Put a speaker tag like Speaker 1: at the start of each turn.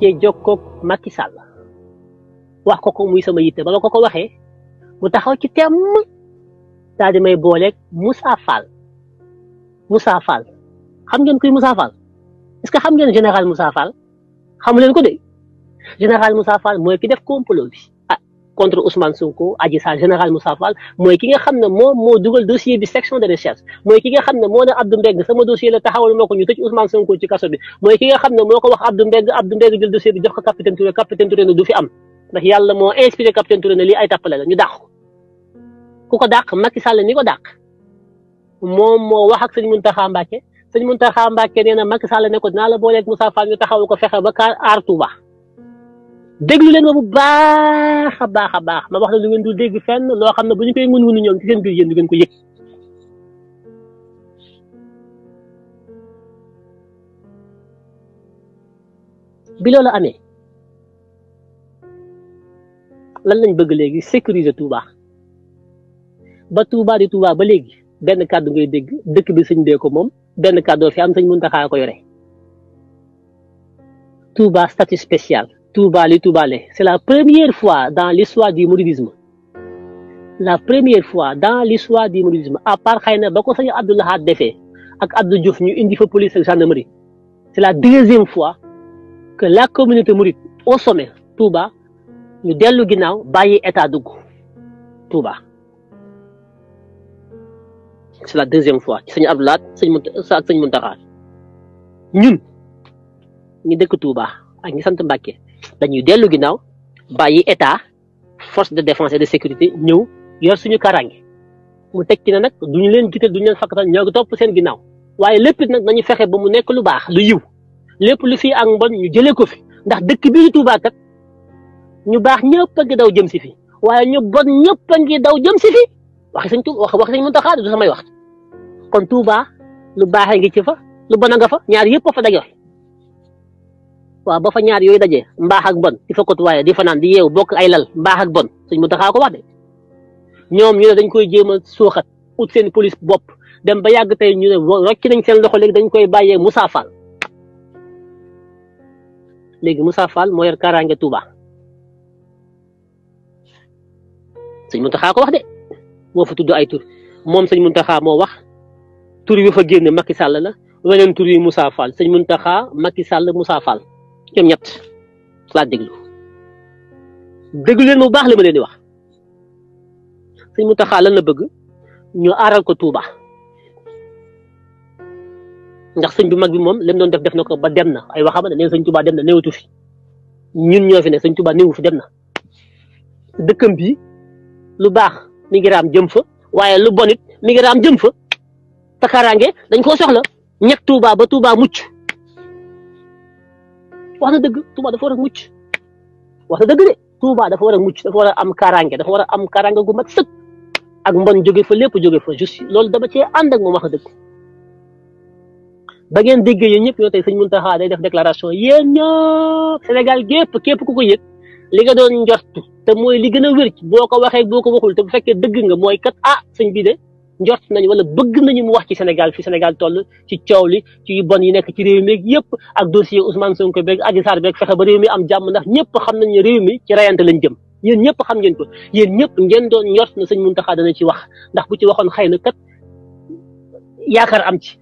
Speaker 1: cee jokkoog Macky Sall wax ko ko muy sama yitte ba ma ko ko waxee mu taxaw ci temm daal di may booleeg Moussa Fall Moussa Fall xam ngeen kuy Moussa Fall est-ce que xam ngeen général Moussa Fall xamu leen ko de général Moussa Fall mooy ki def complot contre Ousmane Sonko Adji Sarr général Moussa Fall mooy ki nga xam ne moom moo dugal dossier bi section de recherche mooy ki nga xam ne moo ne Abdou Mbeng sama moo ko ñu tëj Ousmane Sonko ci kaso bi mooy ki nga xam ne moo ko wax Abdou Mbeng Abdou Mbeng jël bi jox ko capitaine Touré capitaine moo inspiré capitaine Touré ne ko ku ko dàq ni ko dàq moom moo wax ak sëñ Mountakha Mbacké sëñ Mountakha Mbacké nee na Macky Sall ne ko dinaa la booleeg Moussa Fall ko fexe ba déglu leen ma bu baax a baax a baax ma wax la lu ngeen du dégg fenn loo xam ne bu ñu koy mën wunu ñoom ci seen biir yéen du ngeen ko yëg bi loolu amee lan lañ bëgg léegi sécuriser Touba ba Touba di Touba ba léegi benn kàddu ngay dégg dëkk bi sëñ dee ko moom benn kàddu fi am sëñ Muntaxa ko yore Touba statut Touba li Touba le c'est la première fois dans l'histoire du mouridisme la première fois dans l'histoire du mouridisme à part xëy na ba ko sëñ Abdou Lahad defee ak Abdou Diouf ñu indi fa police ak gendarmerie c'est la deuxième fois que la communauté mouride au sommet Touba ñu dellu ginnaaw bàyyi état dugg Touba c'est la deuxième fois ci sëñ Abdou Lahad sëñ Mountakha ak sëñ Mountakha ñun ñu dëkk Touba ak ñi sant Mbàkke dañuy dellu ginnaaw bàyyi état force de défense et de sécurité ñëw yor suñu kaaraange mu teg ci ne nag duñu leen jiital duñu leen fakkatal ñoo ngi topp seen ginnaaw waaye lépp nag nañu fexe ba mu nekk lu baax lu yiw lépp lu fi ak mbon ñu jëlee ko fi ndax dëkk bi ñu Tuubaa kat ñu baax ñëpp a ngi daw jëm si fi waaye ñu bon ñëpp a ngi daw jëm si fi waxi sañ tu wax waxi sañ Muntaxaa du samay wax kon Tuubaa lu baax baaxee ngi ci fa lu bon a nga fa ñaar yëpp a fa dajoor waaw ba fa ñaar yooyu daje mbaax ak bon di fa kotuwaaye di fanaan di yeew bokk ay lal mbaax ak bon suñ taxaa ko wax ñoom ñu dañ koy jéem a suuxat ut seen police bopp dem ba yàgg tey ñu ne rocc nañ seen loxo léegi dañ koy bàyyee Moussa Fall léegi Moussa Fall moo yor kaaraange Touba sëñ Mountakha ko wax de moo fa tudd ay tur moom sëñ Mountakha moo wax tur bi fa génne Macky Sall la weneen tur yi Moussa Fall sëñ Mountakha makki sàll Moussa Fall ñoom ñett laa déglu déglu leen bu baax la ma leen di wax sëñ Mountakha lan la bëgg ñu aaral ko Touba ndax sëñ bu mag bi moom lim doon def def na ko ba dem na ay waxam ne neen sëñ Touba dem na néewtu fi ñun ñoo fi ne sëñ Touba néewu fi dem na dëkkam bi lu baax mi ngi jëm fa waaye lu bon it mi ngi raam jëm fa takaraange dañ koo soxla ñett Touba ba Touba mucc wax dëgg Touba dafa war a mucc wax dëgg de Touba dafa war a mucc dafa war a am kaaraange dafa war a am kaaraange gu mat sëkk ak mbon jóge fa lépp jóge fa juste loolu dama cee ànd ak moom wax dëgg ba ngeen déggee yéen ñëpp yoo tey sëñ Mountakha day def déclaration yéen ñëpp Sénégal gépp képp ku ko yëg li nga doon njortu te mooy li gën a wér boo ko waxee boo ko waxul te bu fekkee dëgg nga mooy kat ah sëñ bi njort nañ wala bëgg nañu mu wax ci Sénégal fi Sénégal toll ci coow li ci yu bon yi nekk ci réew mi yëpp ak dossier Ousmane Sonko beeg Adji Sarr beeg fexe ba réew mi am jàmm ndax ñëpp xam nañ ne réew mi ci rayante lañ dem yéen ñëpp xam ngeen ko yéen ñëpp ngeen doon njort na sëñ Mountakha dana ci wax ndax bu ci waxoon xay na kat yaakaar am ci